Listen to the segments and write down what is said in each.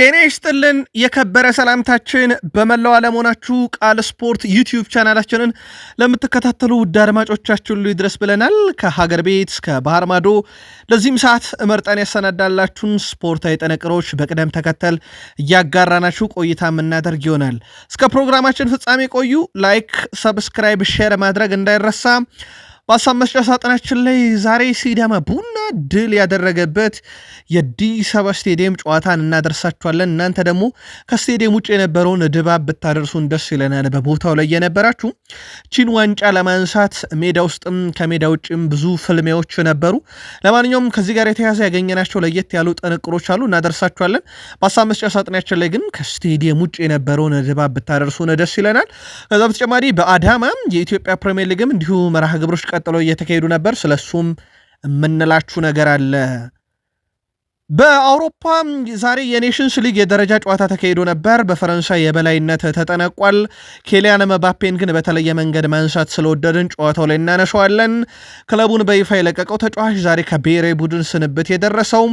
ጤና ይስጥልን የከበረ ሰላምታችን በመላው ዓለም ሆናችሁ ቃል ስፖርት ዩቲዩብ ቻናላችንን ለምትከታተሉ ውድ አድማጮቻችን ሉ ይድረስ ብለናል። ከሀገር ቤት እስከ ባህር ማዶ ለዚህም ሰዓት እመርጠን ያሰናዳላችሁን ስፖርታዊ ጥንቅሮች በቅደም ተከተል እያጋራናችሁ ቆይታ የምናደርግ ይሆናል። እስከ ፕሮግራማችን ፍጻሜ ቆዩ። ላይክ፣ ሰብስክራይብ፣ ሼር ማድረግ እንዳይረሳ በአስራ መስጫ ሳጥናችን ላይ ዛሬ ሲዳማ ቡና ድል ያደረገበት የአዲስ አበባ ስቴዲየም ጨዋታን እናደርሳችኋለን። እናንተ ደግሞ ከስቴዲየም ውጭ የነበረውን ድባብ ብታደርሱን ደስ ይለናል። በቦታው ላይ የነበራችሁ ቺን ዋንጫ ለማንሳት ሜዳ ውስጥም ከሜዳ ውጭም ብዙ ፍልሚያዎች ነበሩ። ለማንኛውም ከዚህ ጋር የተያዘ ያገኘናቸው ለየት ያሉ ጥንቅሮች አሉ፣ እናደርሳችኋለን። በአስራ መስጫ ሳጥናችን ላይ ግን ከስቴዲየም ውጭ የነበረውን ድባብ ብታደርሱን ደስ ይለናል። ከዛ በተጨማሪ በአዳማ የኢትዮጵያ ፕሪሚየር ሊግም እንዲሁ መርሃ ግብሮች ቀጥለው እየተካሄዱ ነበር። ስለሱም የምንላችሁ ነገር አለ በአውሮፓ ዛሬ የኔሽንስ ሊግ የደረጃ ጨዋታ ተካሂዶ ነበር። በፈረንሳይ የበላይነት ተጠናቋል። ኬሊያን መባፔን ግን በተለየ መንገድ ማንሳት ስለወደድን ጨዋታው ላይ እናነሸዋለን። ክለቡን በይፋ የለቀቀው ተጫዋች ዛሬ ከብሔራዊ ቡድን ስንብት የደረሰው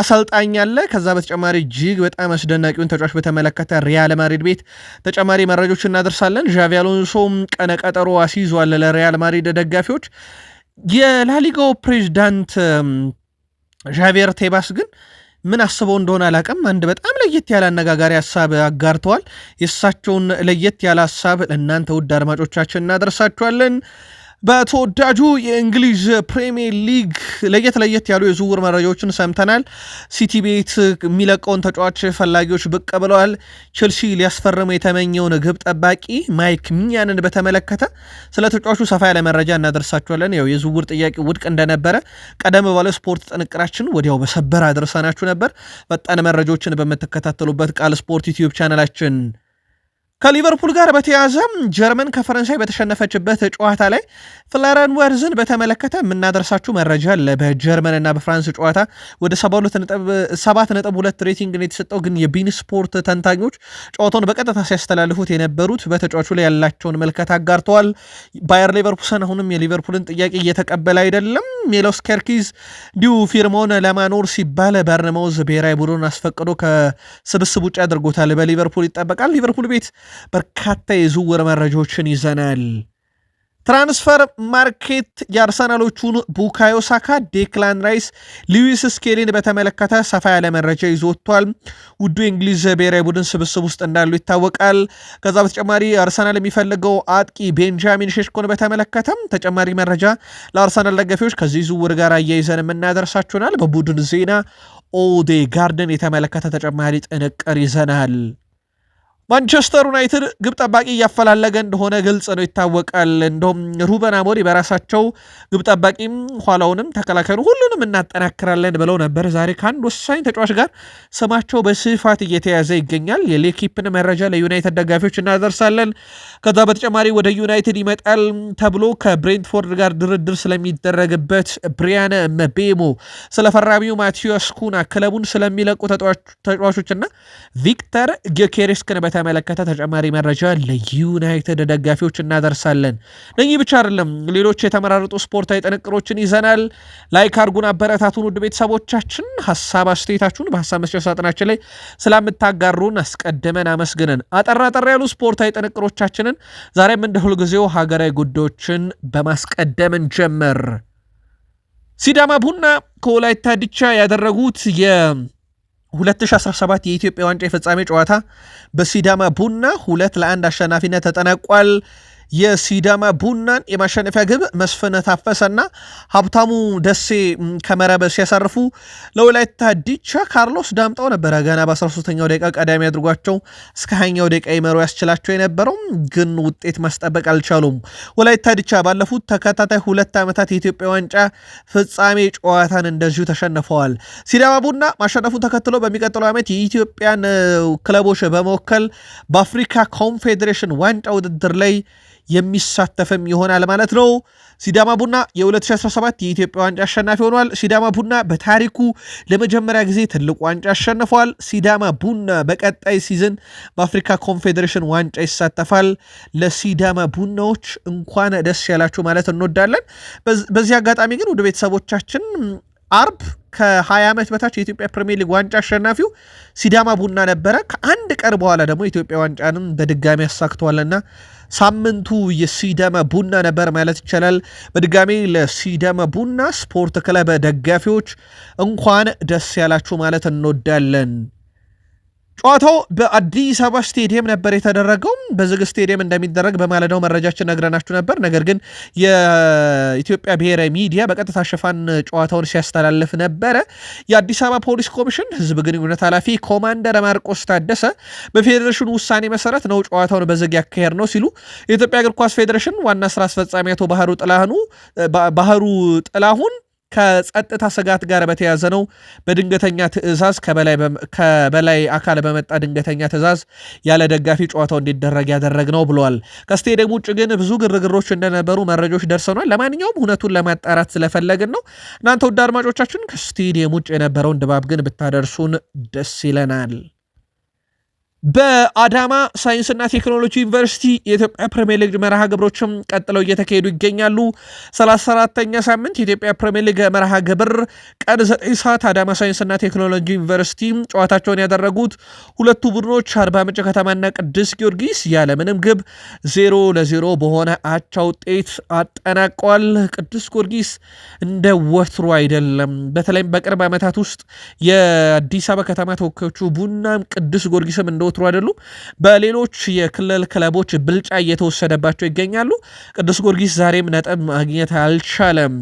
አሰልጣኝ አለ። ከዛ በተጨማሪ እጅግ በጣም አስደናቂውን ተጫዋች በተመለከተ ሪያል ማድሪድ ቤት ተጨማሪ መረጃዎች እናደርሳለን። ዣቪ ቀነቀጠሮ አስይዟል ለሪያል ማድሪድ ደጋፊዎች የላሊጋው ፕሬዚዳንት ዣቬር ቴባስ ግን ምን አስበው እንደሆነ አላውቅም። አንድ በጣም ለየት ያለ አነጋጋሪ ሀሳብ አጋርተዋል። የእሳቸውን ለየት ያለ ሀሳብ ለእናንተ ውድ አድማጮቻችን እናደርሳችኋለን። በተወዳጁ የእንግሊዝ ፕሪሚየር ሊግ ለየት ለየት ያሉ የዝውውር መረጃዎችን ሰምተናል። ሲቲ ቤት የሚለቀውን ተጫዋች ፈላጊዎች ብቅ ብለዋል። ቼልሲ ሊያስፈርሙ የተመኘውን ግብ ጠባቂ ማይክ ሚኛንን በተመለከተ ስለ ተጫዋቹ ሰፋ ያለ መረጃ እናደርሳችኋለን። ያው የዝውውር ጥያቄ ውድቅ እንደነበረ ቀደም ባለ ስፖርት ጥንቅራችን ወዲያው በሰበር አድርሰናችሁ ነበር። ፈጣን መረጃዎችን በምትከታተሉበት ቃል ስፖርት ዩቲዩብ ቻናላችን ከሊቨርፑል ጋር በተያያዘ ጀርመን ከፈረንሳይ በተሸነፈችበት ጨዋታ ላይ ፍላረን ወርዝን በተመለከተ የምናደርሳችሁ መረጃ አለ። በጀርመን በፍራንስ ጨዋታ ወደ 7 ሁለት ሬቲንግ ነው የተሰጠው። ግን የቢን ስፖርት ተንታኞች ጨዋታውን በቀጥታ ሲያስተላልፉት የነበሩት በተጫዋቹ ላይ ያላቸውን መልከት አጋርተዋል። ባየር ሌቨርኩሰን አሁንም የሊቨርፑልን ጥያቄ እየተቀበለ አይደለም። ሜሎስ ኬርኪዝ እንዲሁ ፊርማውን ለማኖር ሲባል በርነማውዝ ብሔራዊ ቡድን አስፈቅዶ ከስብስብ ውጭ አድርጎታል። በሊቨርፑል ይጠበቃል። ሊቨርፑል ቤት በርካታ የዝውውር መረጃዎችን ይዘናል። ትራንስፈር ማርኬት የአርሰናሎቹን ቡካዮ ሳካ፣ ዴክላን ራይስ፣ ሉዊስ ስኬሊን በተመለከተ ሰፋ ያለ መረጃ ይዞ ወጥቷል። ውዱ የእንግሊዝ ብሔራዊ ቡድን ስብስብ ውስጥ እንዳሉ ይታወቃል። ከዛ በተጨማሪ አርሰናል የሚፈልገው አጥቂ ቤንጃሚን ሼሽኮን በተመለከተም ተጨማሪ መረጃ ለአርሰናል ደጋፊዎች ከዚህ ዝውውር ጋር አያይዘን የምናደርሳችሁናል። በቡድን ዜና ኦዴ ጋርደን የተመለከተ ተጨማሪ ጥንቅር ይዘናል። ማንቸስተር ዩናይትድ ግብ ጠባቂ እያፈላለገ እንደሆነ ግልጽ ነው፣ ይታወቃል። እንደውም ሩበን አሞሪ በራሳቸው ግብ ጠባቂም ኋላውንም ተከላካዩን ሁሉንም እናጠናክራለን ብለው ነበር። ዛሬ ከአንድ ወሳኝ ተጫዋች ጋር ስማቸው በስፋት እየተያዘ ይገኛል። የሌኪፕን መረጃ ለዩናይትድ ደጋፊዎች እናደርሳለን። ከዛ በተጨማሪ ወደ ዩናይትድ ይመጣል ተብሎ ከብሬንትፎርድ ጋር ድርድር ስለሚደረግበት ብሪያነ መቤሞ፣ ስለ ፈራሚው ማቴዎስ ኩና፣ ክለቡን ስለሚለቁ ተጫዋቾችና ቪክተር ጌኬሬስክን በተመለከተ ተጨማሪ መረጃ ለዩናይትድ ደጋፊዎች እናደርሳለን። ነኚህ ብቻ አይደለም፣ ሌሎች የተመራረጡ ስፖርታዊ ጥንቅሮችን ይዘናል። ላይክ አርጉን፣ አበረታቱን። ውድ ቤተሰቦቻችን ሀሳብ አስተያየታችሁን በሀሳብ መስጫ ሳጥናችን ላይ ስለምታጋሩን አስቀድመን አመስግነን አጠር አጠር ያሉ ስፖርታዊ ጥንቅሮቻችንን ዛሬም እንደ ሁልጊዜው ሀገራዊ ጉዳዮችን በማስቀደምን ጀመር ሲዳማ ቡና ከወላይታ ድቻ ያደረጉት የ 2017 የኢትዮጵያ ዋንጫ የፍጻሜ ጨዋታ በሲዳማ ቡና ሁለት ለአንድ አሸናፊነት ተጠናቋል። የሲዳማ ቡናን የማሸነፊያ ግብ መስፍነ ታፈሰና ሀብታሙ ደሴ ከመረብ ሲያሳርፉ ለወላይታ ዲቻ ካርሎስ ዳምጠው ነበረ ገና በ13ኛው ደቂቃ ቀዳሚ አድርጓቸው እስከ ሀኛው ደቂቃ ይመሩ ያስችላቸው የነበረው ግን ውጤት ማስጠበቅ አልቻሉም። ወላይታ ዲቻ ባለፉት ተከታታይ ሁለት ዓመታት የኢትዮጵያ ዋንጫ ፍጻሜ ጨዋታን እንደዚሁ ተሸንፈዋል። ሲዳማ ቡና ማሸነፉን ተከትሎ በሚቀጥለው ዓመት የኢትዮጵያን ክለቦች በመወከል በአፍሪካ ኮንፌዴሬሽን ዋንጫ ውድድር ላይ የሚሳተፍም ይሆናል ማለት ነው። ሲዳማ ቡና የ2017 የኢትዮጵያ ዋንጫ አሸናፊ ሆኗል። ሲዳማ ቡና በታሪኩ ለመጀመሪያ ጊዜ ትልቅ ዋንጫ አሸንፏል። ሲዳማ ቡና በቀጣይ ሲዝን በአፍሪካ ኮንፌዴሬሽን ዋንጫ ይሳተፋል። ለሲዳማ ቡናዎች እንኳን ደስ ያላችሁ ማለት እንወዳለን። በዚህ አጋጣሚ ግን ወደ ቤተሰቦቻችን አርብ ከ20 ዓመት በታች የኢትዮጵያ ፕሪሚየር ሊግ ዋንጫ አሸናፊው ሲዳማ ቡና ነበረ። ከአንድ ቀን በኋላ ደግሞ ኢትዮጵያ ዋንጫንም በድጋሚ ያሳክተዋልና ሳምንቱ የሲደመ ቡና ነበር ማለት ይቻላል። በድጋሚ ለሲደመ ቡና ስፖርት ክለብ ደጋፊዎች እንኳን ደስ ያላችሁ ማለት እንወዳለን። ጨዋታው በአዲስ አበባ ስቴዲየም ነበር የተደረገው። በዝግ ስቴዲየም እንደሚደረግ በማለዳው መረጃችን ነግረናችሁ ነበር። ነገር ግን የኢትዮጵያ ብሔራዊ ሚዲያ በቀጥታ ሽፋን ጨዋታውን ሲያስተላልፍ ነበረ። የአዲስ አበባ ፖሊስ ኮሚሽን ህዝብ ግንኙነት ኃላፊ ኮማንደር ማርቆስ ታደሰ በፌዴሬሽኑ ውሳኔ መሰረት ነው ጨዋታውን በዝግ ያካሄድ ነው ሲሉ የኢትዮጵያ እግር ኳስ ፌዴሬሽን ዋና ስራ አስፈጻሚ አቶ ባህሩ ጥላሁን ከጸጥታ ስጋት ጋር በተያዘ ነው። በድንገተኛ ትዕዛዝ ከበላይ አካል በመጣ ድንገተኛ ትዕዛዝ ያለ ደጋፊ ጨዋታው እንዲደረግ ያደረግ ነው ብለዋል። ከስቴዲየም ውጭ ግን ብዙ ግርግሮች እንደነበሩ መረጃዎች ደርሰናል። ለማንኛውም እውነቱን ለማጣራት ስለፈለግን ነው። እናንተ ውድ አድማጮቻችን ከስቴዲየም ውጭ የነበረውን ድባብ ግን ብታደርሱን ደስ ይለናል። በአዳማ ሳይንስና ቴክኖሎጂ ዩኒቨርሲቲ የኢትዮጵያ ፕሪሚየር ሊግ መርሃ ግብሮችም ቀጥለው እየተካሄዱ ይገኛሉ። 34ተኛ ሳምንት የኢትዮጵያ ፕሪሚየር ሊግ መርሃ ግብር ቀን 9 ሰዓት አዳማ ሳይንስና ቴክኖሎጂ ዩኒቨርሲቲ ጨዋታቸውን ያደረጉት ሁለቱ ቡድኖች አርባ ምንጭ ከተማና ቅዱስ ጊዮርጊስ ያለምንም ግብ ዜሮ ለዜሮ በሆነ አቻ ውጤት አጠናቋል። ቅዱስ ጊዮርጊስ እንደ ወትሮ አይደለም። በተለይም በቅርብ ዓመታት ውስጥ የአዲስ አበባ ከተማ ተወካዮቹ ቡናም ቅዱስ ጊዮርጊስም እንደ እንደወትሮ አይደሉም። በሌሎች የክልል ክለቦች ብልጫ እየተወሰደባቸው ይገኛሉ። ቅዱስ ጊዮርጊስ ዛሬም ነጥብ ማግኘት አልቻለም።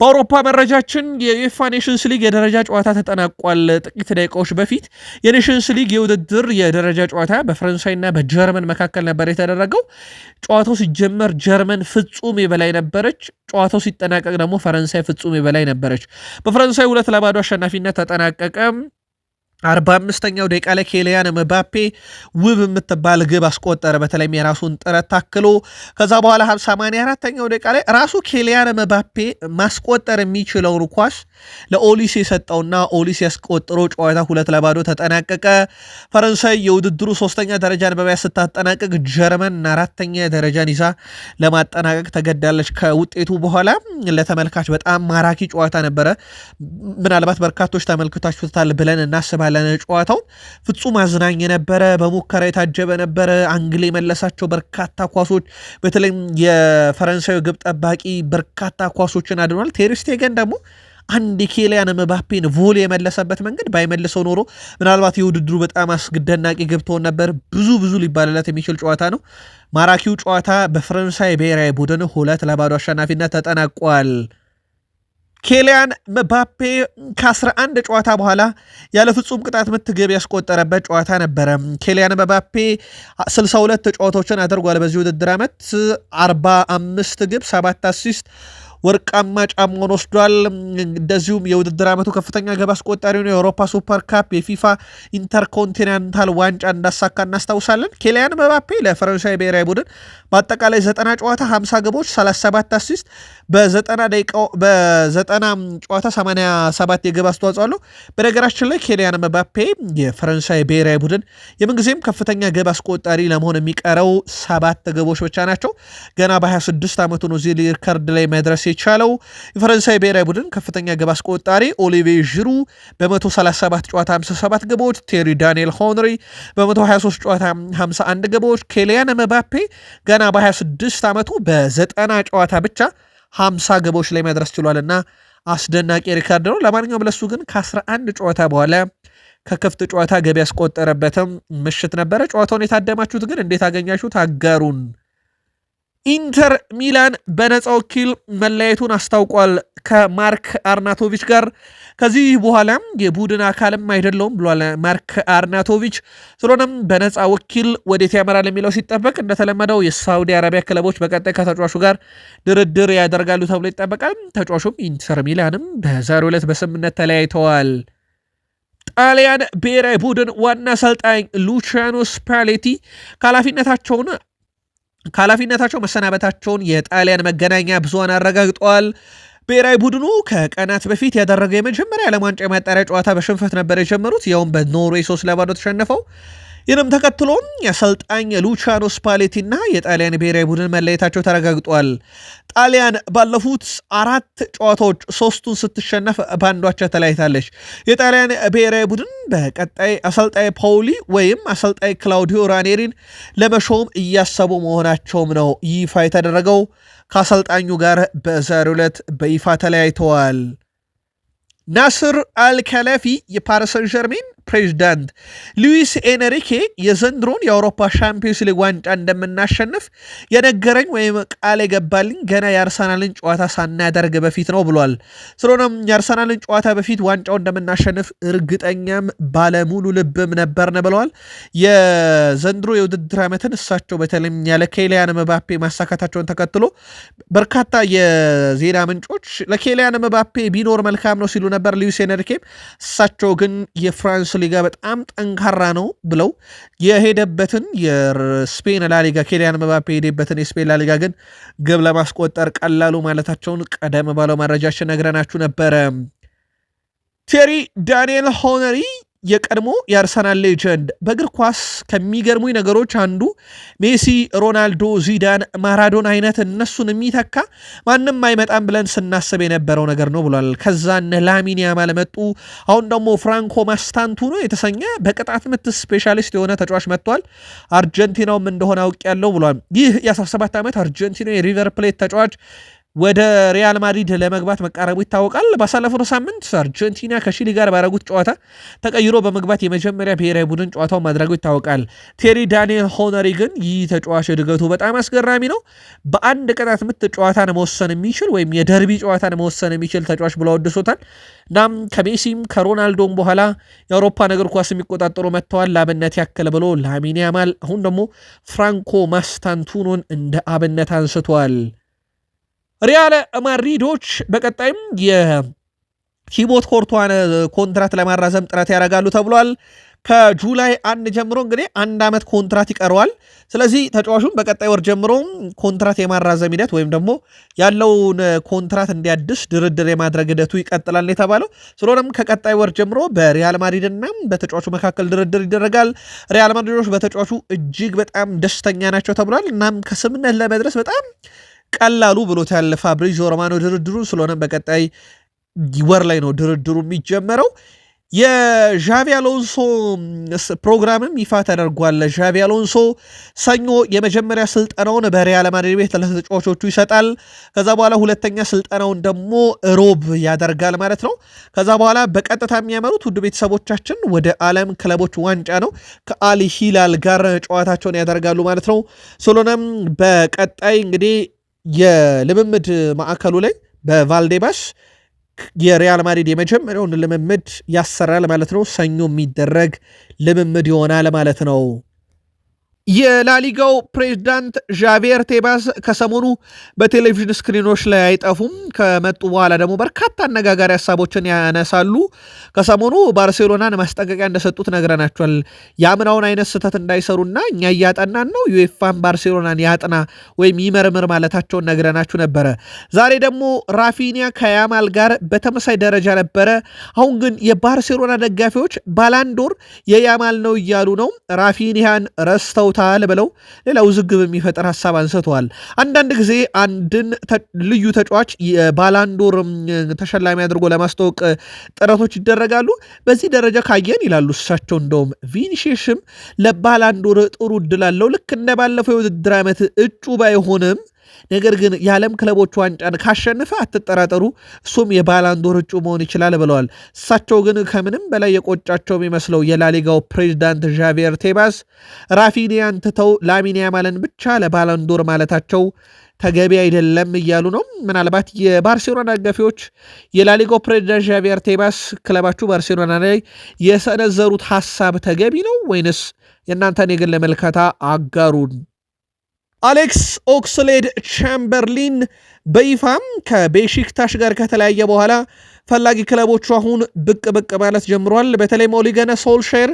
በአውሮፓ መረጃችን የዩኤፋ ኔሽንስ ሊግ የደረጃ ጨዋታ ተጠናቋል። ጥቂት ደቂቃዎች በፊት የኔሽንስ ሊግ የውድድር የደረጃ ጨዋታ በፈረንሳይና በጀርመን መካከል ነበር የተደረገው። ጨዋታው ሲጀመር ጀርመን ፍጹም የበላይ ነበረች። ጨዋታው ሲጠናቀቅ ደግሞ ፈረንሳይ ፍጹም የበላይ ነበረች። በፈረንሳይ ሁለት ለባዶ አሸናፊነት ተጠናቀቀም። አርባ አምስተኛው ደቂቃ ላይ ኬልያን መባፔ ውብ የምትባል ግብ አስቆጠረ። በተለይም የራሱን ጥረት ታክሎ ከዛ በኋላ ሰማንያ አራተኛው ደቂቃ ላይ ራሱ ኬልያን መባፔ ማስቆጠር የሚችለውን ኳስ ለኦሊስ የሰጠውና ኦሊስ ያስቆጥሮ ጨዋታ ሁለት ለባዶ ተጠናቀቀ። ፈረንሳይ የውድድሩ ሶስተኛ ደረጃን በመያዝ ስታጠናቀቅ ጀርመን አራተኛ ደረጃን ይዛ ለማጠናቀቅ ተገዳለች። ከውጤቱ በኋላ ለተመልካች በጣም ማራኪ ጨዋታ ነበረ። ምናልባት በርካቶች ተመልክታችሁታል ብለን እናስባለን የተባለ ጨዋታው ፍጹም አዝናኝ የነበረ በሙከራ የታጀበ ነበረ። አንግል የመለሳቸው በርካታ ኳሶች፣ በተለይም የፈረንሳዊ ግብ ጠባቂ በርካታ ኳሶችን አድኗል። ቴሪስቴገን ደግሞ አንድ ኬልያን መባፔን ቮሌ የመለሰበት መንገድ ባይመልሰው ኖሮ ምናልባት የውድድሩ በጣም አስደናቂ ገብተውን ነበር። ብዙ ብዙ ሊባልለት የሚችል ጨዋታ ነው። ማራኪው ጨዋታ በፈረንሳይ ብሔራዊ ቡድን ሁለት ለባዶ አሸናፊነት ተጠናቋል። ኬሊያን መባፔ ከ11 ጨዋታ በኋላ ያለ ፍጹም ቅጣት ምት ግብ ያስቆጠረበት ጨዋታ ነበረ። ኬሊያን መባፔ 62 ጨዋታዎችን አድርጓል። በዚህ ውድድር ዓመት 45 ግብ፣ 7 አሲስት ወርቃማ ጫማውን ወስዷል። እንደዚሁም የውድድር ዓመቱ ከፍተኛ ግብ አስቆጣሪ ነው። የአውሮፓ ሱፐር ካፕ፣ የፊፋ ኢንተርኮንቲኔንታል ዋንጫ እንዳሳካ እናስታውሳለን። ኬሊያን መባፔ ለፈረንሳይ ብሔራዊ ቡድን በአጠቃላይ 90 ጨዋታ 50 ግቦች፣ 37 አሲስት በዘጠና ደቂቃው በዘጠና ጨዋታ 87 የግብ አስተዋጽኦ አለው። በነገራችን ላይ ኬልያን መባፔ የፈረንሳይ ብሔራዊ ቡድን የምንጊዜም ከፍተኛ ግብ አስቆጣሪ ለመሆን የሚቀረው ሰባት ግቦች ብቻ ናቸው። ገና በ26 ዓመቱ ነው እዚህ ሪከርድ ላይ መድረስ የቻለው። የፈረንሳይ ብሔራዊ ቡድን ከፍተኛ ግብ አስቆጣሪ ኦሊቬ ዥሩ በ137 ጨዋታ 57 ግቦች፣ ቴሪ ዳንኤል ሆንሪ በ123 ጨዋታ 51 ግቦች። ኬልያን መባፔ ገና በ26 ዓመቱ በዘጠና ጨዋታ ብቻ 50 ግቦች ላይ መድረስ ችሏልና አስደናቂ ሪካርድ ነው። ለማንኛውም ለሱ ግን ከ11 ጨዋታ በኋላ ከክፍት ጨዋታ ገቢ ያስቆጠረበትም ምሽት ነበረ። ጨዋታውን የታደማችሁት ግን እንዴት አገኛችሁት? አጋሩን። ኢንተር ሚላን በነፃ ወኪል መለያየቱን አስታውቋል ከማርክ አርናቶቪች ጋር። ከዚህ በኋላም የቡድን አካልም አይደለውም ብሏል ማርክ አርናቶቪች። ስለሆነም በነፃ ወኪል ወዴት ያመራል የሚለው ሲጠበቅ እንደተለመደው የሳውዲ አረቢያ ክለቦች በቀጣይ ከተጫዋቹ ጋር ድርድር ያደርጋሉ ተብሎ ይጠበቃል። ተጫዋቹም ኢንተር ሚላንም በዛሬው ዕለት በስምምነት ተለያይተዋል። ጣሊያን ብሔራዊ ቡድን ዋና አሰልጣኝ ሉቺያኖ ስፓሌቲ ከኃላፊነታቸውን ከኃላፊነታቸው መሰናበታቸውን የጣሊያን መገናኛ ብዙሃን አረጋግጠዋል። ብሔራዊ ቡድኑ ከቀናት በፊት ያደረገው የመጀመሪያ ዓለም ዋንጫ የማጣሪያ ጨዋታ በሽንፈት ነበር የጀመሩት፣ ያውም በኖርዌይ ሶስት ለባዶ ተሸነፈው ይህንም ተከትሎም የአሰልጣኝ ሉቻኖ ስፓሌቲና የጣሊያን ብሔራዊ ቡድን መለየታቸው ተረጋግጧል። ጣሊያን ባለፉት አራት ጨዋታዎች ሶስቱን ስትሸነፍ በአንዷቻ ተለያይታለች። የጣሊያን ብሔራዊ ቡድን በቀጣይ አሰልጣኝ ፓውሊ ወይም አሰልጣኝ ክላውዲዮ ራኔሪን ለመሾም እያሰቡ መሆናቸውም ነው ይፋ የተደረገው። ከአሰልጣኙ ጋር በዛሬው ዕለት በይፋ ተለያይተዋል። ናስር አልከላፊ የፓሪሰን ዠርሜን ፕሬዚዳንት ሉዊስ ኤነሪኬ የዘንድሮን የአውሮፓ ሻምፒዮንስ ሊግ ዋንጫ እንደምናሸንፍ የነገረኝ ወይም ቃል የገባልኝ ገና የአርሰናልን ጨዋታ ሳናደርግ በፊት ነው ብሏል። ስለሆነም የአርሰናልን ጨዋታ በፊት ዋንጫው እንደምናሸንፍ እርግጠኛም ባለሙሉ ልብም ነበርን ብለዋል። የዘንድሮ የውድድር ዓመትን እሳቸው በተለይም ያለ ኬሊያን መባፔ ማሳካታቸውን ተከትሎ በርካታ የዜና ምንጮች ለኬሊያን መባፔ ቢኖር መልካም ነው ሲሉ ነበር። ሉዊስ ኤነሪኬም እሳቸው ግን የፍራንስ ሊጋ በጣም ጠንካራ ነው ብለው የሄደበትን የስፔን ላሊጋ ኬሊያን መባፔ የሄደበትን የስፔን ላሊጋ ግን ግብ ለማስቆጠር ቀላሉ ማለታቸውን ቀደም ባለው መረጃችን ነግረናችሁ ነበረ። ቴሪ ዳንኤል ሆነሪ የቀድሞ የአርሰናል ሌጀንድ በእግር ኳስ ከሚገርሙኝ ነገሮች አንዱ ሜሲ፣ ሮናልዶ፣ ዚዳን፣ ማራዶን አይነት እነሱን የሚተካ ማንም አይመጣም ብለን ስናስብ የነበረው ነገር ነው ብሏል። ከዛን ላሚን ያማል መጡ። አሁን ደግሞ ፍራንኮ ማስታንቱኖ የተሰኘ በቅጣት ምት ስፔሻሊስት የሆነ ተጫዋች መጥቷል። አርጀንቲናውም እንደሆነ አውቅ ያለው ብሏል። ይህ የ17 ዓመት አርጀንቲና የሪቨር ፕሌት ተጫዋች ወደ ሪያል ማድሪድ ለመግባት መቃረቡ ይታወቃል። ባሳለፈው ሳምንት አርጀንቲና ከሺሊ ጋር ባረጉት ጨዋታ ተቀይሮ በመግባት የመጀመሪያ ብሔራዊ ቡድን ጨዋታውን ማድረጉ ይታወቃል። ቴሪ ዳንኤል ሆነሪ ግን ይህ ተጫዋች እድገቱ በጣም አስገራሚ ነው፣ በአንድ ቅጣት ምት ጨዋታን መወሰን የሚችል ወይም የደርቢ ጨዋታን መወሰን የሚችል ተጫዋች ብሎ አወድሶታል። እናም ከሜሲም ከሮናልዶም በኋላ የአውሮፓን እግር ኳስ የሚቆጣጠሩ መጥተዋል። ለአብነት ያክል ብሎ ላሚን ያማል፣ አሁን ደግሞ ፍራንኮ ማስታንቱኖን እንደ አብነት አንስቷል። ሪያል ማድሪዶች በቀጣይም የቲቦት ኮርቷን ኮንትራት ለማራዘም ጥረት ያደርጋሉ ተብሏል። ከጁላይ አንድ ጀምሮ እንግዲህ አንድ ዓመት ኮንትራት ይቀረዋል። ስለዚህ ተጫዋቹም በቀጣይ ወር ጀምሮ ኮንትራት የማራዘም ሂደት ወይም ደግሞ ያለውን ኮንትራት እንዲያድስ ድርድር የማድረግ ሂደቱ ይቀጥላል የተባለው ስለሆነም ከቀጣይ ወር ጀምሮ በሪያል ማድሪድና በተጫዋቹ መካከል ድርድር ይደረጋል። ሪያል ማድሪዶች በተጫዋቹ እጅግ በጣም ደስተኛ ናቸው ተብሏል። እናም ከስምነት ለመድረስ በጣም ቀላሉ ብሎታል ፋብሪዚዮ ሮማኖ ድርድሩ ስለሆነ በቀጣይ ወር ላይ ነው ድርድሩ የሚጀመረው። የዣቪ አሎንሶ ፕሮግራምም ይፋ ተደርጓል። ዣቪ አሎንሶ ሰኞ የመጀመሪያ ስልጠናውን በሪያል ማድሪድ ቤት ለተጫዋቾቹ ይሰጣል። ከዛ በኋላ ሁለተኛ ስልጠናውን ደግሞ ሮብ ያደርጋል ማለት ነው። ከዛ በኋላ በቀጥታ የሚያመሩት ውድ ቤተሰቦቻችን ወደ ዓለም ክለቦች ዋንጫ ነው። ከአል ሂላል ጋር ጨዋታቸውን ያደርጋሉ ማለት ነው። ስለሆነም በቀጣይ እንግዲህ የልምምድ ማዕከሉ ላይ በቫልዴባስ የሪያል ማድሪድ የመጀመሪያውን ልምምድ ያሰራል ማለት ነው። ሰኞ የሚደረግ ልምምድ ይሆናል ማለት ነው። የላሊጋው ፕሬዝዳንት ዣቬር ቴባስ ከሰሞኑ በቴሌቪዥን ስክሪኖች ላይ አይጠፉም። ከመጡ በኋላ ደግሞ በርካታ አነጋጋሪ ሀሳቦችን ያነሳሉ። ከሰሞኑ ባርሴሎናን ማስጠንቀቂያ እንደሰጡት ነግረናቸዋል። የአምናውን አይነት ስህተት እንዳይሰሩና እኛ እያጠናን ነው፣ ዩኤፋን ባርሴሎናን ያጥና ወይም ይመርምር ማለታቸውን ነግረናችሁ ነበረ። ዛሬ ደግሞ ራፊኒያ ከያማል ጋር በተመሳይ ደረጃ ነበረ። አሁን ግን የባርሴሎና ደጋፊዎች ባላንዶር የያማል ነው እያሉ ነው። ራፊኒያን ረስተውት ይሞታል ብለው ሌላ ውዝግብ የሚፈጥር ሀሳብ አንስተዋል። አንዳንድ ጊዜ አንድን ልዩ ተጫዋች ባላንዶር ተሸላሚ አድርጎ ለማስታወቅ ጥረቶች ይደረጋሉ። በዚህ ደረጃ ካየን ይላሉ እሳቸው፣ እንደውም ቪኒሽሽም ለባላንዶር ጥሩ እድል አለው ልክ እንደ ባለፈው የውድድር ዓመት እጩ ባይሆንም ነገር ግን የዓለም ክለቦች ዋንጫን ካሸነፈ አትጠራጠሩ፣ እሱም የባላንዶር እጩ መሆን ይችላል ብለዋል። እሳቸው ግን ከምንም በላይ የቆጫቸው የሚመስለው የላሊጋው ፕሬዚዳንት ዣቪየር ቴባስ ራፊኒያን ትተው ላሚን ያማልን ብቻ ለባላንዶር ማለታቸው ተገቢ አይደለም እያሉ ነው። ምናልባት የባርሴሎና ደጋፊዎች የላሊጋው ፕሬዚዳንት ዣቪየር ቴባስ ክለባችሁ ባርሴሎና ላይ የሰነዘሩት ሀሳብ ተገቢ ነው ወይንስ የእናንተን የግል ምልከታ አጋሩን አሌክስ ኦክስሌድ ቻምበርሊን በይፋም ከቤሺክታሽ ጋር ከተለያየ በኋላ ፈላጊ ክለቦቹ አሁን ብቅ ብቅ ማለት ጀምሯል። በተለይ ኦሊገነ ሶልሼር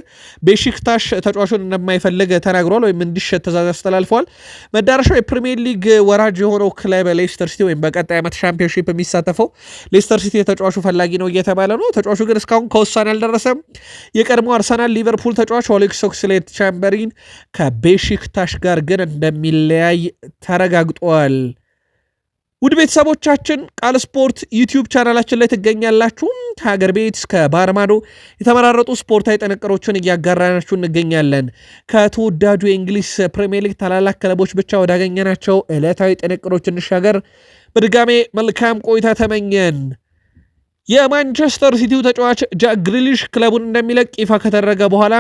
ቤሺክታሽ ተጫዋቹን እንደማይፈልግ ተናግሯል ወይም እንዲሸጥ ትእዛዝ አስተላልፏል። መዳረሻው የፕሪሚየር ሊግ ወራጅ የሆነው ክለብ ሌስተር ሲቲ ወይም በቀጣይ ዓመት ሻምፒዮንሺፕ የሚሳተፈው ሌስተር ሲቲ የተጫዋቹ ፈላጊ ነው እየተባለ ነው። ተጫዋቹ ግን እስካሁን ከውሳኔ አልደረሰም። የቀድሞ አርሰናል፣ ሊቨርፑል ተጫዋች ኦሌክስ ኦክስሌድ ቻምበሪን ከቤሺክታሽ ጋር ግን እንደሚለያይ ተረጋግጧል። ውድ ቤተሰቦቻችን ቃል ስፖርት ዩቲዩብ ቻናላችን ላይ ትገኛላችሁም። ከሀገር ቤት እስከ ባህር ማዶ የተመራረጡ ስፖርታዊ ጥንቅሮችን እያጋራናችሁ እንገኛለን። ከተወዳጁ የእንግሊዝ ፕሪሚየር ሊግ ታላላቅ ክለቦች ብቻ ወዳገኘናቸው ዕለታዊ ጥንቅሮች እንሻገር። በድጋሜ መልካም ቆይታ ተመኘን። የማንቸስተር ሲቲው ተጫዋች ጃክ ግሪሊሽ ክለቡን እንደሚለቅ ይፋ ከተደረገ በኋላ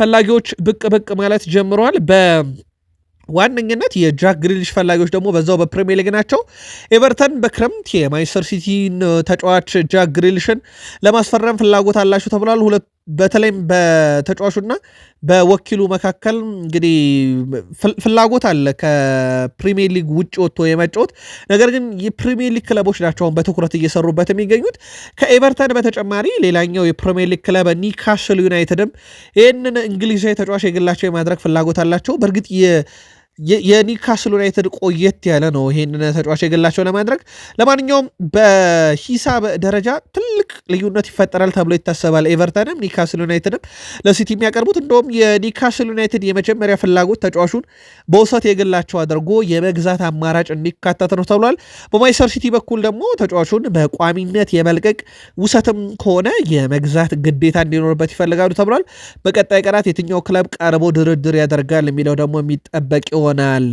ፈላጊዎች ብቅ ብቅ ማለት ጀምሯል። በ ዋነኝነት የጃክ ግሪሊሽ ፈላጊዎች ደግሞ በዛው በፕሪሚየር ሊግ ናቸው። ኤቨርተን በክረምት የማንቸስተር ሲቲን ተጫዋች ጃክ ግሪሊሽን ለማስፈረም ፍላጎት አላቸው ተብሏል። ሁለት በተለይም በተጫዋቹና በወኪሉ መካከል እንግዲህ ፍላጎት አለ ከፕሪሚየር ሊግ ውጭ ወጥቶ የመጫወት ነገር ግን የፕሪሚየር ሊግ ክለቦች ናቸውን በትኩረት እየሰሩበት የሚገኙት። ከኤቨርተን በተጨማሪ ሌላኛው የፕሪሚየር ሊግ ክለብ ኒካስል ዩናይትድም ይህንን እንግሊዛዊ ተጫዋች የግላቸው የማድረግ ፍላጎት አላቸው። በእርግጥ የኒውካስል ዩናይትድ ቆየት ያለ ነው ይህን ተጫዋች የገላቸው ለማድረግ። ለማንኛውም በሂሳብ ደረጃ ትልቅ ልዩነት ይፈጠራል ተብሎ ይታሰባል። ኤቨርተንም ኒካስል ዩናይትድም ለሲቲ የሚያቀርቡት እንደውም የኒካስል ዩናይትድ የመጀመሪያ ፍላጎት ተጫዋቹን በውሰት የግላቸው አድርጎ የመግዛት አማራጭ እንዲካተት ነው ተብሏል። በማይሰር ሲቲ በኩል ደግሞ ተጫዋቹን በቋሚነት የመልቀቅ ውሰትም ከሆነ የመግዛት ግዴታ እንዲኖርበት ይፈልጋሉ ተብሏል። በቀጣይ ቀናት የትኛው ክለብ ቀርቦ ድርድር ያደርጋል የሚለው ደግሞ የሚጠበቅ ይሆናል።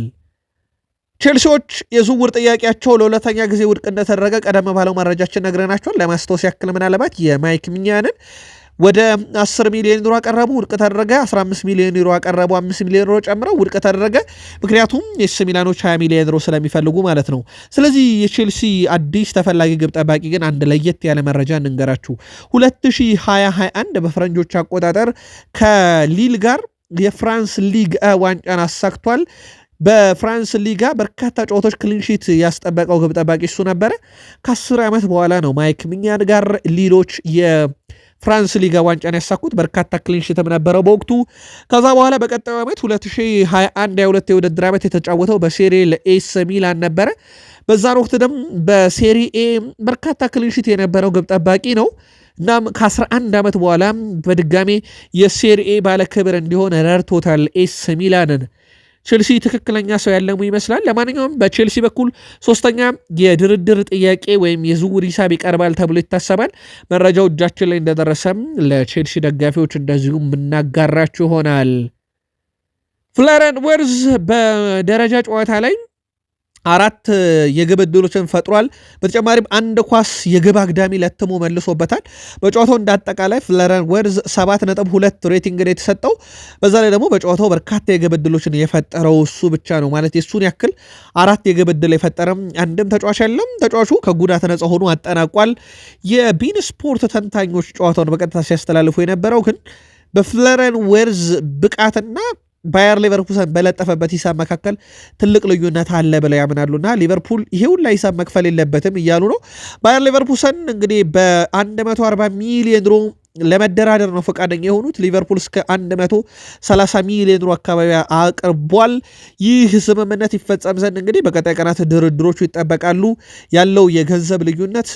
ቼልሲዎች የዝውውር ጥያቄያቸው ለሁለተኛ ጊዜ ውድቅ እንደተደረገ ቀደም ባለው መረጃችን ነግረናቸዋል። ለማስታወስ ያክል ምናልባት የማይክ ሚኛንን ወደ 10 ሚሊዮን ዩሮ አቀረቡ፣ ውድቅ ተደረገ። 15 ሚሊዮን ዩሮ አቀረቡ፣ 5 ሚሊዮን ዩሮ ጨምረው ውድቅ ተደረገ። ምክንያቱም ኤሲ ሚላኖች 20 ሚሊዮን ዩሮ ስለሚፈልጉ ማለት ነው። ስለዚህ የቼልሲ አዲስ ተፈላጊ ግብ ጠባቂ ግን አንድ ለየት ያለ መረጃ እንንገራችሁ 2021 በፈረንጆች አቆጣጠር ከሊል ጋር የፍራንስ ሊግ ዋንጫን አሳክቷል። በፍራንስ ሊጋ በርካታ ጨዋታዎች ክሊንሺት ያስጠበቀው ግብ ጠባቂ እሱ ነበረ። ከአስር ዓመት በኋላ ነው ማይክ ሚኛን ጋር ሌሎች የፍራንስ ሊጋ ዋንጫን ያሳኩት። በርካታ ክሊንሺትም ነበረው በወቅቱ። ከዛ በኋላ በቀጣዩ ዓመት 2021/22 የውድድር ዓመት የተጫወተው በሴሬ ለኤስ ሚላን ነበረ። በዛን ወቅት ደም በሴሪኤ በርካታ ክሊንሺት የነበረው ግብ ጠባቂ ነው። እናም ከ11 ዓመት በኋላ በድጋሜ የሴሪኤ ባለክብር እንዲሆን ረድቶታል ኤስ ሚላንን። ቼልሲ ትክክለኛ ሰው ያለሙ ይመስላል። ለማንኛውም በቼልሲ በኩል ሶስተኛ የድርድር ጥያቄ ወይም የዝውውር ሂሳብ ይቀርባል ተብሎ ይታሰባል። መረጃው እጃችን ላይ እንደደረሰም ለቼልሲ ደጋፊዎች እንደዚሁ የምናጋራችሁ ይሆናል። ፍሎሪያን ወርዝ በደረጃ ጨዋታ ላይ አራት የግብ ዕድሎችን ፈጥሯል። በተጨማሪም አንድ ኳስ የግብ አግዳሚ ለትሞ መልሶበታል። በጨዋታው እንዳጠቃላይ ፍለረን ወርዝ 7.2 ሬቲንግ ነው የተሰጠው። በዛ ላይ ደግሞ በጨዋታው በርካታ የግብ ዕድሎችን የፈጠረው እሱ ብቻ ነው ማለት የሱን ያክል አራት የግብ ዕድል የፈጠረም አንድም ተጫዋች የለም። ተጫዋቹ ከጉዳት ነጻ ሆኖ አጠናቋል። የቢን ስፖርት ተንታኞች ጨዋታውን በቀጥታ ሲያስተላልፉ የነበረው ግን በፍለረን ወርዝ ብቃትና ባየር ሌቨርኩሰን በለጠፈበት ሂሳብ መካከል ትልቅ ልዩነት አለ ብለው ያምናሉና ሊቨርፑል ይሄ ሁላ ሂሳብ መክፈል የለበትም እያሉ ነው። ባየር ሌቨርኩሰን እንግዲህ በ140 ሚሊዮን ሮ ለመደራደር ነው ፈቃደኛ የሆኑት። ሊቨርፑል እስከ 130 ሚሊዮን ዩሮ አካባቢ አቅርቧል። ይህ ስምምነት ይፈጸም ዘንድ እንግዲህ በቀጣይ ቀናት ድርድሮቹ ይጠበቃሉ። ያለው የገንዘብ ልዩነት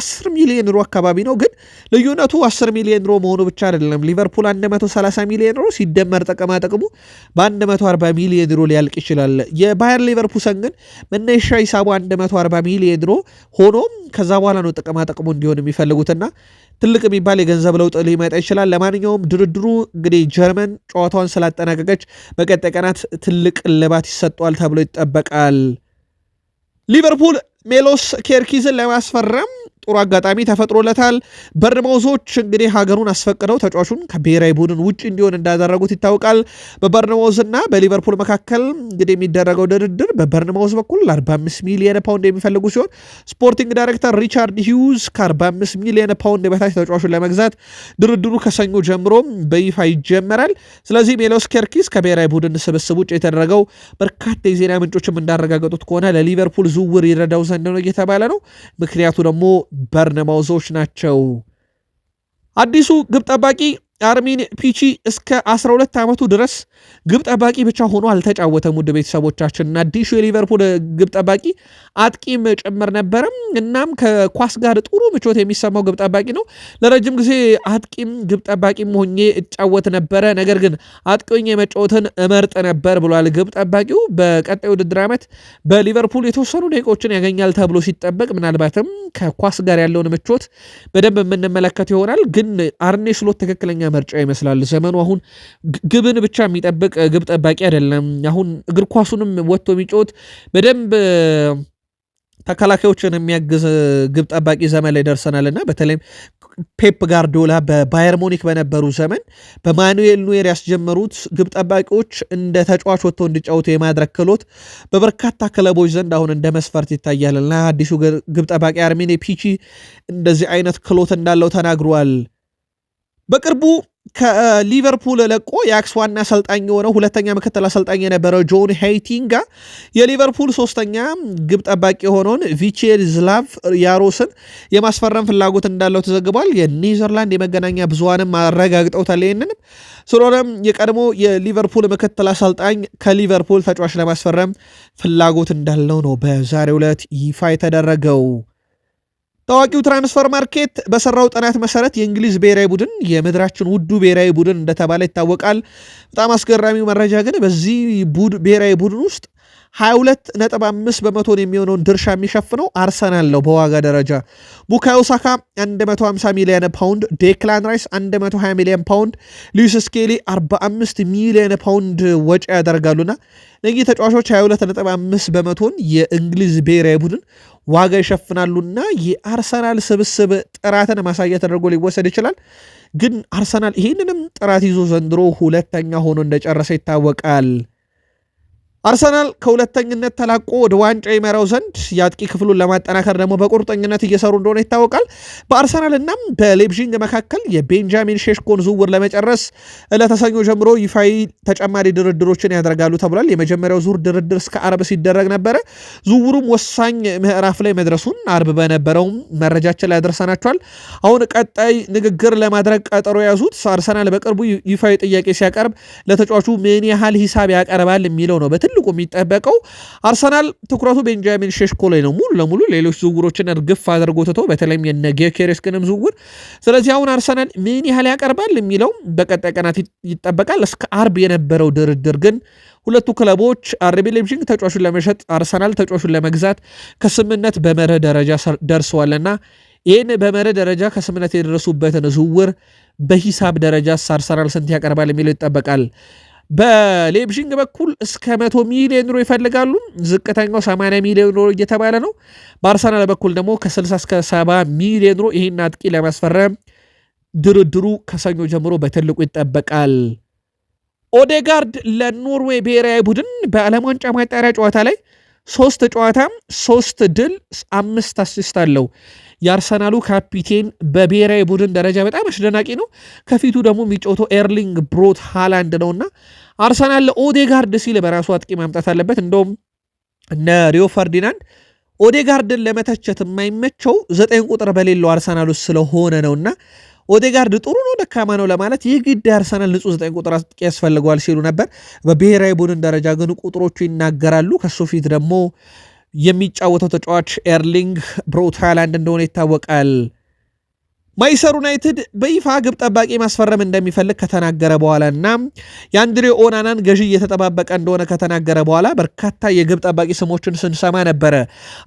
10 ሚሊዮን ዩሮ አካባቢ ነው። ግን ልዩነቱ 10 ሚሊዮን ዩሮ መሆኑ ብቻ አይደለም። ሊቨርፑል 130 ሚሊዮን ዩሮ ሲደመር ጥቅማ ጥቅሙ በ140 ሚሊዮን ዩሮ ሊያልቅ ይችላል። የባየር ሊቨርፑሰን ግን መነሻ ሂሳቡ 140 ሚሊዮን ዩሮ ሆኖም ከዛ በኋላ ነው ጥቅማ ጥቅሙ እንዲሆን የሚፈልጉትና ትልቅ የሚባል የገንዘብ ቤተሰብ ለውጥ ሊመጣ ይችላል። ለማንኛውም ድርድሩ እንግዲህ ጀርመን ጨዋታዋን ስላጠናቀቀች በቀጣይ ቀናት ትልቅ ልባት ይሰጧል ተብሎ ይጠበቃል። ሊቨርፑል ሜሎስ ኬርኪዝን ለማስፈረም ጥሩ አጋጣሚ ተፈጥሮለታል። በርንማውዞች እንግዲህ ሀገሩን አስፈቅደው ተጫዋቹን ከብሔራዊ ቡድን ውጭ እንዲሆን እንዳደረጉት ይታወቃል። በበርንማውዝ በሊቨርፑል መካከል እንግዲህ የሚደረገው ድርድር በበርንማውዝ በኩል 45 ሚሊየን ፓውንድ የሚፈልጉ ሲሆን ስፖርቲንግ ዳይሬክተር ሪቻርድ ሂውዝ ከ45 ሚሊየን ፓውንድ በታች ተጫዋቹን ለመግዛት ድርድሩ ከሰኞ ጀምሮ በይፋ ይጀመራል። ስለዚህ ሜሎስ ኬርኪስ ከብሔራዊ ቡድን ስብስብ ውጭ የተደረገው በርካታ የዜና ምንጮችም እንዳረጋገጡት ከሆነ ለሊቨርፑል ዝውውር ይረዳው ዘንድ ነው እየተባለ ነው። ምክንያቱ ደግሞ በርነማውዞች ናቸው። አዲሱ ግብ ጠባቂ አርሚን ፒቺ እስከ 12 ዓመቱ ድረስ ግብ ጠባቂ ብቻ ሆኖ አልተጫወተም። ውድ ቤተሰቦቻችን አዲሱ የሊቨርፑል ግብ ጠባቂ አጥቂም ጭምር ነበረም። እናም ከኳስ ጋር ጥሩ ምቾት የሚሰማው ግብ ጠባቂ ነው። ለረጅም ጊዜ አጥቂም ግብ ጠባቂም ሆኜ እጫወት ነበረ፣ ነገር ግን አጥቂ ሆኜ መጫወትን እመርጥ ነበር ብሏል። ግብ ጠባቂው በቀጣይ ውድድር ዓመት በሊቨርፑል የተወሰኑ ደቂቆችን ያገኛል ተብሎ ሲጠበቅ ምናልባትም ከኳስ ጋር ያለውን ምቾት በደንብ የምንመለከት ይሆናል። ግን አርኔ ስሎት ትክክለኛ ምርጫ ይመስላል። ዘመኑ አሁን ግብን ብቻ የሚጠብቅ ግብ ጠባቂ አይደለም። አሁን እግር ኳሱንም ወጥቶ የሚጫወት በደንብ ተከላካዮችን የሚያግዝ ግብ ጠባቂ ዘመን ላይ ደርሰናል እና በተለይም ፔፕ ጋርዶላ በባየር ሞኒክ በነበሩ ዘመን በማኑኤል ኑዌር ያስጀመሩት ግብ ጠባቂዎች እንደ ተጫዋች ወጥተው እንዲጫወቱ የማድረግ ክህሎት በበርካታ ክለቦች ዘንድ አሁን እንደ መስፈርት ይታያልና አዲሱ ግብ ጠባቂ አርሚኔ ፒቺ እንደዚህ አይነት ክህሎት እንዳለው ተናግሯል። በቅርቡ ከሊቨርፑል ለቆ የአክስ ዋና አሰልጣኝ የሆነው ሁለተኛ ምክትል አሰልጣኝ የነበረው ጆን ሄይቲንጋ የሊቨርፑል ሶስተኛ ግብ ጠባቂ የሆነውን ዝላቭ ያሮስን የማስፈረም ፍላጎት እንዳለው ተዘግቧል። የኒዘርላንድ የመገናኛ ብዙሃንም አረጋግጠውታል። ይህንንም ስለሆነም የቀድሞ የሊቨርፑል ምክትል አሰልጣኝ ከሊቨርፑል ተጫዋች ለማስፈረም ፍላጎት እንዳለው ነው በዛሬው ዕለት ይፋ የተደረገው። ታዋቂው ትራንስፈር ማርኬት በሰራው ጥናት መሰረት የእንግሊዝ ብሔራዊ ቡድን የምድራችን ውዱ ብሔራዊ ቡድን እንደተባለ ይታወቃል። በጣም አስገራሚው መረጃ ግን በዚህ ብሔራዊ ቡድን ውስጥ 22.5 በመቶን የሚሆነውን ድርሻ የሚሸፍነው አርሰናል ነው። በዋጋ ደረጃ ቡካዮ ሳካ 150 ሚሊዮን ፓውንድ፣ ዴክላን ራይስ 120 ሚሊዮን ፓውንድ፣ ሉዊስ ስኬሊ 45 ሚሊዮን ፓውንድ ወጪ ያደርጋሉና እነዚህ ተጫዋቾች 22.5 በመቶን የእንግሊዝ ብሔራዊ ቡድን ዋጋ ይሸፍናሉና የአርሰናል ስብስብ ጥራትን ማሳያ ተደርጎ ሊወሰድ ይችላል። ግን አርሰናል ይህንንም ጥራት ይዞ ዘንድሮ ሁለተኛ ሆኖ እንደጨረሰ ይታወቃል። አርሰናል ከሁለተኝነት ተላቆ ወደ ዋንጫ ይመራው ዘንድ የአጥቂ ክፍሉን ለማጠናከር ደግሞ በቁርጠኝነት እየሰሩ እንደሆነ ይታወቃል። በአርሰናል እናም በሌብዥንግ መካከል የቤንጃሚን ሼሽኮን ዝውውር ለመጨረስ ለተሰኞ ጀምሮ ይፋዊ ተጨማሪ ድርድሮችን ያደርጋሉ ተብሏል። የመጀመሪያው ዙር ድርድር እስከ አርብ ሲደረግ ነበረ። ዝውውሩም ወሳኝ ምዕራፍ ላይ መድረሱን አርብ በነበረውም መረጃችን ላይ ያደርሰናቸዋል። አሁን ቀጣይ ንግግር ለማድረግ ቀጠሮ የያዙት አርሰናል በቅርቡ ይፋዊ ጥያቄ ሲያቀርብ ለተጫዋቹ ምን ያህል ሂሳብ ያቀርባል የሚለው ነው። ትልቁ የሚጠበቀው አርሰናል ትኩረቱ ቤንጃሚን ሼሽኮ ላይ ነው ሙሉ ለሙሉ ሌሎች ዝውውሮችን እርግፍ አድርጎ ትቶ በተለይም የነ ጌኬሬስንም ዝውውር። ስለዚህ አሁን አርሰናል ምን ያህል ያቀርባል የሚለው በቀጣይ ቀናት ይጠበቃል። እስከ አርብ የነበረው ድርድር ግን ሁለቱ ክለቦች አርቢ ሌፕዚግ ተጫዋቹን ለመሸጥ፣ አርሰናል ተጫዋቹን ለመግዛት ከስምነት በመረ ደረጃ ደርሰዋልና ይህን በመረ ደረጃ ከስምነት የደረሱበትን ዝውውር በሂሳብ ደረጃ አርሰናል ስንት ያቀርባል የሚለው ይጠበቃል። በሌብዥንግ በኩል እስከ 100 ሚሊዮን ዩሮ ይፈልጋሉ። ዝቅተኛው 80 ሚሊዮን ዩሮ እየተባለ ነው። በአርሰናል በኩል ደግሞ ከ60 እስከ 70 ሚሊዮን ዩሮ ይህን አጥቂ ለማስፈረም ድርድሩ ከሰኞ ጀምሮ በትልቁ ይጠበቃል። ኦዴጋርድ ለኖርዌይ ብሔራዊ ቡድን በዓለም ዋንጫ ማጣሪያ ጨዋታ ላይ ሶስት ጨዋታ ሶስት ድል አምስት አሲስት አለው። የአርሰናሉ ካፒቴን በብሔራዊ ቡድን ደረጃ በጣም አስደናቂ ነው። ከፊቱ ደግሞ የሚጫወተው ኤርሊንግ ብሮት ሃላንድ ነውና አርሰናል ለኦዴጋርድ ሲል በራሱ አጥቂ ማምጣት አለበት። እንደውም እነ ሪዮ ፈርዲናንድ ኦዴጋርድን ለመተቸት የማይመቸው ዘጠኝ ቁጥር በሌለው አርሰናል ውስጥ ስለሆነ ነውና ኦዴጋርድ ጥሩ ነው ደካማ ነው ለማለት ግድ አርሰናል ንጹህ ዘጠኝ ቁጥር አጥቂ ያስፈልገዋል ሲሉ ነበር። በብሔራዊ ቡድን ደረጃ ግን ቁጥሮቹ ይናገራሉ። ከሱ ፊት ደግሞ የሚጫወተው ተጫዋች ኤርሊንግ ብሮት ሃላንድ እንደሆነ ይታወቃል። ማይሰር ዩናይትድ በይፋ ግብ ጠባቂ ማስፈረም እንደሚፈልግ ከተናገረ በኋላ እና የአንድሬ ኦናናን ገዢ እየተጠባበቀ እንደሆነ ከተናገረ በኋላ በርካታ የግብ ጠባቂ ስሞችን ስንሰማ ነበረ።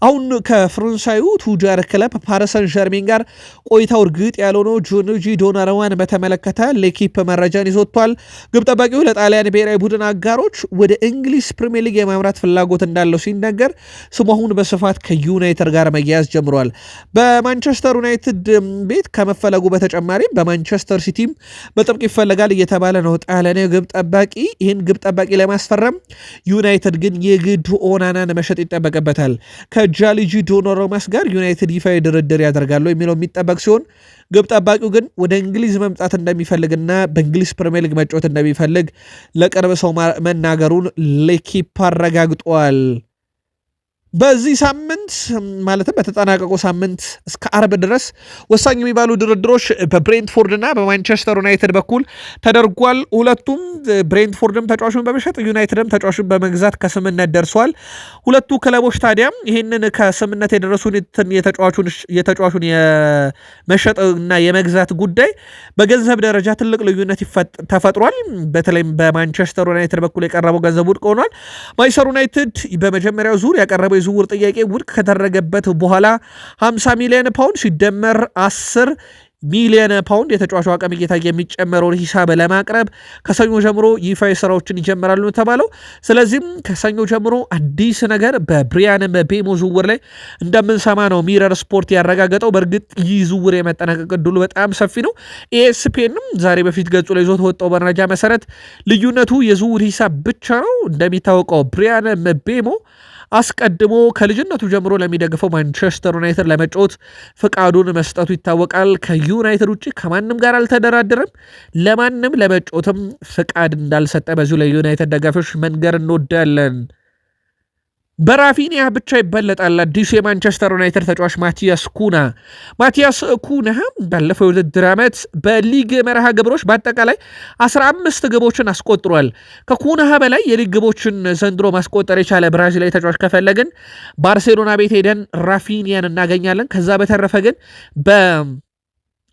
አሁን ከፈረንሳዩ ቱጃር ክለብ ፓሪሰን ጀርሜን ጋር ቆይታው እርግጥ ያልሆነ ጂዮርጂ ዶናሩማን በተመለከተ ሌኪፕ መረጃን ይዞቷል። ግብ ጠባቂው ለጣሊያን ብሔራዊ ቡድን አጋሮች ወደ እንግሊዝ ፕሪሚየር ሊግ የማምራት ፍላጎት እንዳለው ሲነገር ስሙ አሁን በስፋት ከዩናይትድ ጋር መያያዝ ጀምሯል። በማንቸስተር ዩናይትድ ቤት ከመፈለጉ በተጨማሪም በማንቸስተር ሲቲም በጥብቅ ይፈለጋል እየተባለ ነው ጣሊያናዊ ግብ ጠባቂ። ይህን ግብ ጠባቂ ለማስፈረም ዩናይትድ ግን የግድ ኦናናን መሸጥ ይጠበቅበታል። ከጃሊጂ ዶኖሮማስ ጋር ዩናይትድ ይፋ ድርድር ያደርጋሉ የሚለው የሚጠበቅ ሲሆን ግብ ጠባቂው ግን ወደ እንግሊዝ መምጣት እንደሚፈልግና በእንግሊዝ ፕሪሚየር ሊግ መጫወት እንደሚፈልግ ለቅርብ ሰው መናገሩን ሌኪፕ አረጋግጧል። በዚህ ሳምንት ማለትም በተጠናቀቁ ሳምንት እስከ አርብ ድረስ ወሳኝ የሚባሉ ድርድሮች እና በማንቸስተር ዩናይትድ በኩል ተደርጓል። ሁለቱም ብሬንትፎርድም ተጫዋቹን በመሸጥ ዩናይትድም ተጫዋቹን በመግዛት ከስምነት ደርሰዋል። ሁለቱ ክለቦች ታዲያም ይህንን ከስምነት የደረሱን የተጫዋቹን የመሸጥና የመግዛት ጉዳይ በገንዘብ ደረጃ ትልቅ ልዩነት ተፈጥሯል። በተለይም በማንቸስተር ዩናይትድ በኩል የቀረበው ገንዘብ ውድቅ ሆኗል። ማንቸስተር ዩናይትድ በመጀመሪያው ዙር ያቀረበው የዝውውር ጥያቄ ውድቅ ከተደረገበት በኋላ 50 ሚሊዮን ፓውንድ ሲደመር 10 ሚሊዮን ፓውንድ የተጫዋቹ አቅም እይታ የሚጨመረውን ሂሳብ ለማቅረብ ከሰኞ ጀምሮ ይፋዊ ስራዎችን ይጀምራሉ የተባለው። ስለዚህም ከሰኞ ጀምሮ አዲስ ነገር በብሪያን ቤሞ ዝውውር ላይ እንደምንሰማ ነው ሚረር ስፖርት ያረጋገጠው። በእርግጥ ይህ ዝውውር የመጠናቀቅ ዕድሉ በጣም ሰፊ ነው። ኤስፔንም ዛሬ በፊት ገጹ ላይ ይዞት ወጣው መረጃ መሰረት ልዩነቱ የዝውውር ሂሳብ ብቻ ነው። እንደሚታወቀው ብሪያን ቤሞ አስቀድሞ ከልጅነቱ ጀምሮ ለሚደግፈው ማንቸስተር ዩናይትድ ለመጫወት ፍቃዱን መስጠቱ ይታወቃል። ከዩናይትድ ውጭ ከማንም ጋር አልተደራደረም፣ ለማንም ለመጫወትም ፍቃድ እንዳልሰጠ በዚሁ ለዩናይትድ ደጋፊዎች መንገር እንወዳለን። በራፊኒያ ብቻ ይበለጣል። አዲሱ የማንቸስተር ዩናይትድ ተጫዋች ማቲያስ ኩና። ማቲያስ ኩና ባለፈው የውድድር ዓመት በሊግ መርሃ ግብሮች በአጠቃላይ 15 ግቦችን አስቆጥሯል። ከኩናሃ በላይ የሊግ ግቦችን ዘንድሮ ማስቆጠር የቻለ ብራዚላዊ ተጫዋች ከፈለግን ባርሴሎና ቤት ሄደን ራፊኒያን እናገኛለን። ከዛ በተረፈ ግን በ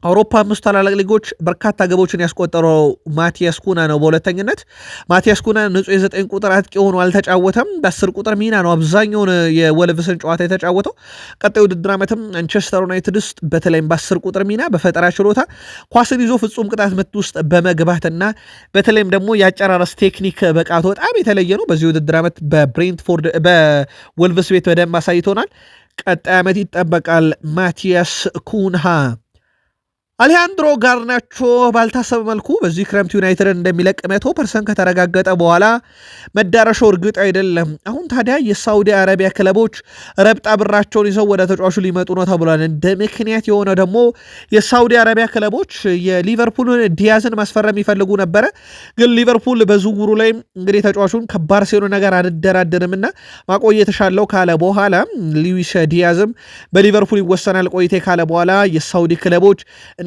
አውሮፓ አምስቱ ታላላቅ ሊጎች በርካታ ግቦችን ያስቆጠረው ማቲያስ ኩና ነው። በሁለተኝነት ማቲያስ ኩና ንጹህ የዘጠኝ ቁጥር አጥቂ ሆኖ አልተጫወተም። በአስር ቁጥር ሚና ነው አብዛኛውን የወልቭስን ጨዋታ የተጫወተው። ቀጣዩ ውድድር ዓመትም ማንቸስተር ዩናይትድ ውስጥ በተለይም በአስር ቁጥር ሚና በፈጠራ ችሎታ ኳስን ይዞ ፍጹም ቅጣት ምት ውስጥ በመግባትና በተለይም ደግሞ የአጨራረስ ቴክኒክ ብቃቱ በጣም የተለየ ነው። በዚህ ውድድር ዓመት በብሬንትፎርድ በወልቭስ ቤት በደንብ አሳይቶናል። ቀጣይ ዓመት ይጠበቃል ማቲያስ ኩንሃ አሌሃንድሮ ጋርናቾ ባልታሰበ መልኩ በዚህ ክረምት ዩናይትድን እንደሚለቅ መቶ ፐርሰንት ከተረጋገጠ በኋላ መዳረሻው እርግጥ አይደለም። አሁን ታዲያ የሳውዲ አረቢያ ክለቦች ረብጣ ብራቸውን ይዘው ወደ ተጫዋቹ ሊመጡ ነው ተብሏል። እንደ ምክንያት የሆነ ደግሞ የሳውዲ አረቢያ ክለቦች የሊቨርፑልን ዲያዝን ማስፈረም ይፈልጉ ነበረ። ግን ሊቨርፑል በዝውውሩ ላይ እንግዲህ ተጫዋቹን ከባርሴሎና ጋር አንደራደርምና ማቆየት እሻለሁ ካለ በኋላ ሉዊስ ዲያዝም በሊቨርፑል ይወሰናል ቆይቴ ካለ በኋላ የሳውዲ ክለቦች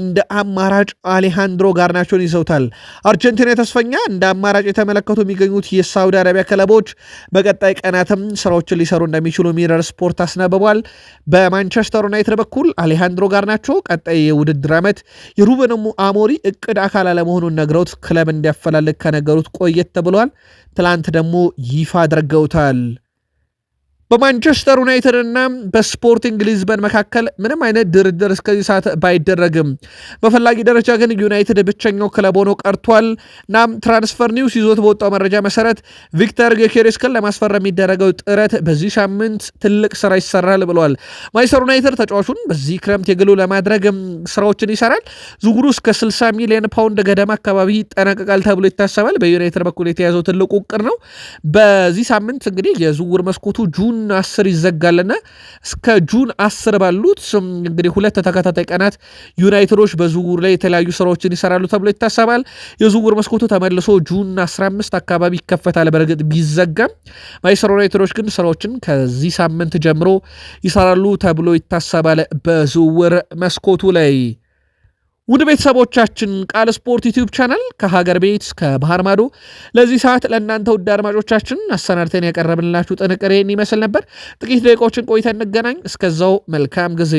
እንደ አማራጭ አሌሃንድሮ ጋርናቾን ይዘውታል። አርጀንቲና ተስፈኛ እንደ አማራጭ የተመለከቱ የሚገኙት የሳውዲ አረቢያ ክለቦች በቀጣይ ቀናትም ስራዎችን ሊሰሩ እንደሚችሉ ሚረር ስፖርት አስነብቧል። በማንቸስተር ዩናይትድ በኩል አሌሃንድሮ ጋርናቾ ቀጣይ የውድድር ዓመት የሩበን አሞሪ እቅድ አካል አለመሆኑን ነግረውት ክለብ እንዲያፈላልግ ከነገሩት ቆየት ተብሏል። ትላንት ደግሞ ይፋ አድርገውታል። በማንቸስተር ዩናይትድ እና በስፖርቲንግ ሊዝበን መካከል ምንም አይነት ድርድር እስከዚህ ሰዓት ባይደረግም በፈላጊ ደረጃ ግን ዩናይትድ ብቸኛው ክለብ ሆኖ ቀርቷል። እናም ትራንስፈር ኒውስ ይዞት በወጣው መረጃ መሰረት ቪክተር ጌኬሬስክን ለማስፈረም የሚደረገው ጥረት በዚህ ሳምንት ትልቅ ስራ ይሰራል ብለዋል። ማንቸስተር ዩናይትድ ተጫዋቹን በዚህ ክረምት የግሉ ለማድረግ ስራዎችን ይሰራል። ዝውውሩ እስከ 60 ሚሊዮን ፓውንድ ገደማ አካባቢ ይጠናቀቃል ተብሎ ይታሰባል። በዩናይትድ በኩል የተያዘው ትልቁ ውቅር ነው። በዚህ ሳምንት እንግዲህ የዝውውር መስኮቱ ጁን ጁን አስር ይዘጋልና እስከ ጁን አስር ባሉት እንግዲህ ሁለት ተከታታይ ቀናት ዩናይትዶች በዝውውር ላይ የተለያዩ ስራዎችን ይሰራሉ ተብሎ ይታሰባል። የዝውውር መስኮቱ ተመልሶ ጁን 15 አካባቢ ይከፈታል። በእርግጥ ቢዘጋም ማይሰር ዩናይትዶች ግን ስራዎችን ከዚህ ሳምንት ጀምሮ ይሰራሉ ተብሎ ይታሰባል በዝውውር መስኮቱ ላይ ውድ ቤተሰቦቻችን ቃል ስፖርት ዩቲዩብ ቻናል ከሀገር ቤት ከባህር ማዶ ለዚህ ሰዓት ለእናንተ ውድ አድማጮቻችን አሰናድተን ያቀረብንላችሁ ጥንቅሬን ይመስል ነበር። ጥቂት ደቂቃዎችን ቆይተን እንገናኝ። እስከዛው መልካም ጊዜ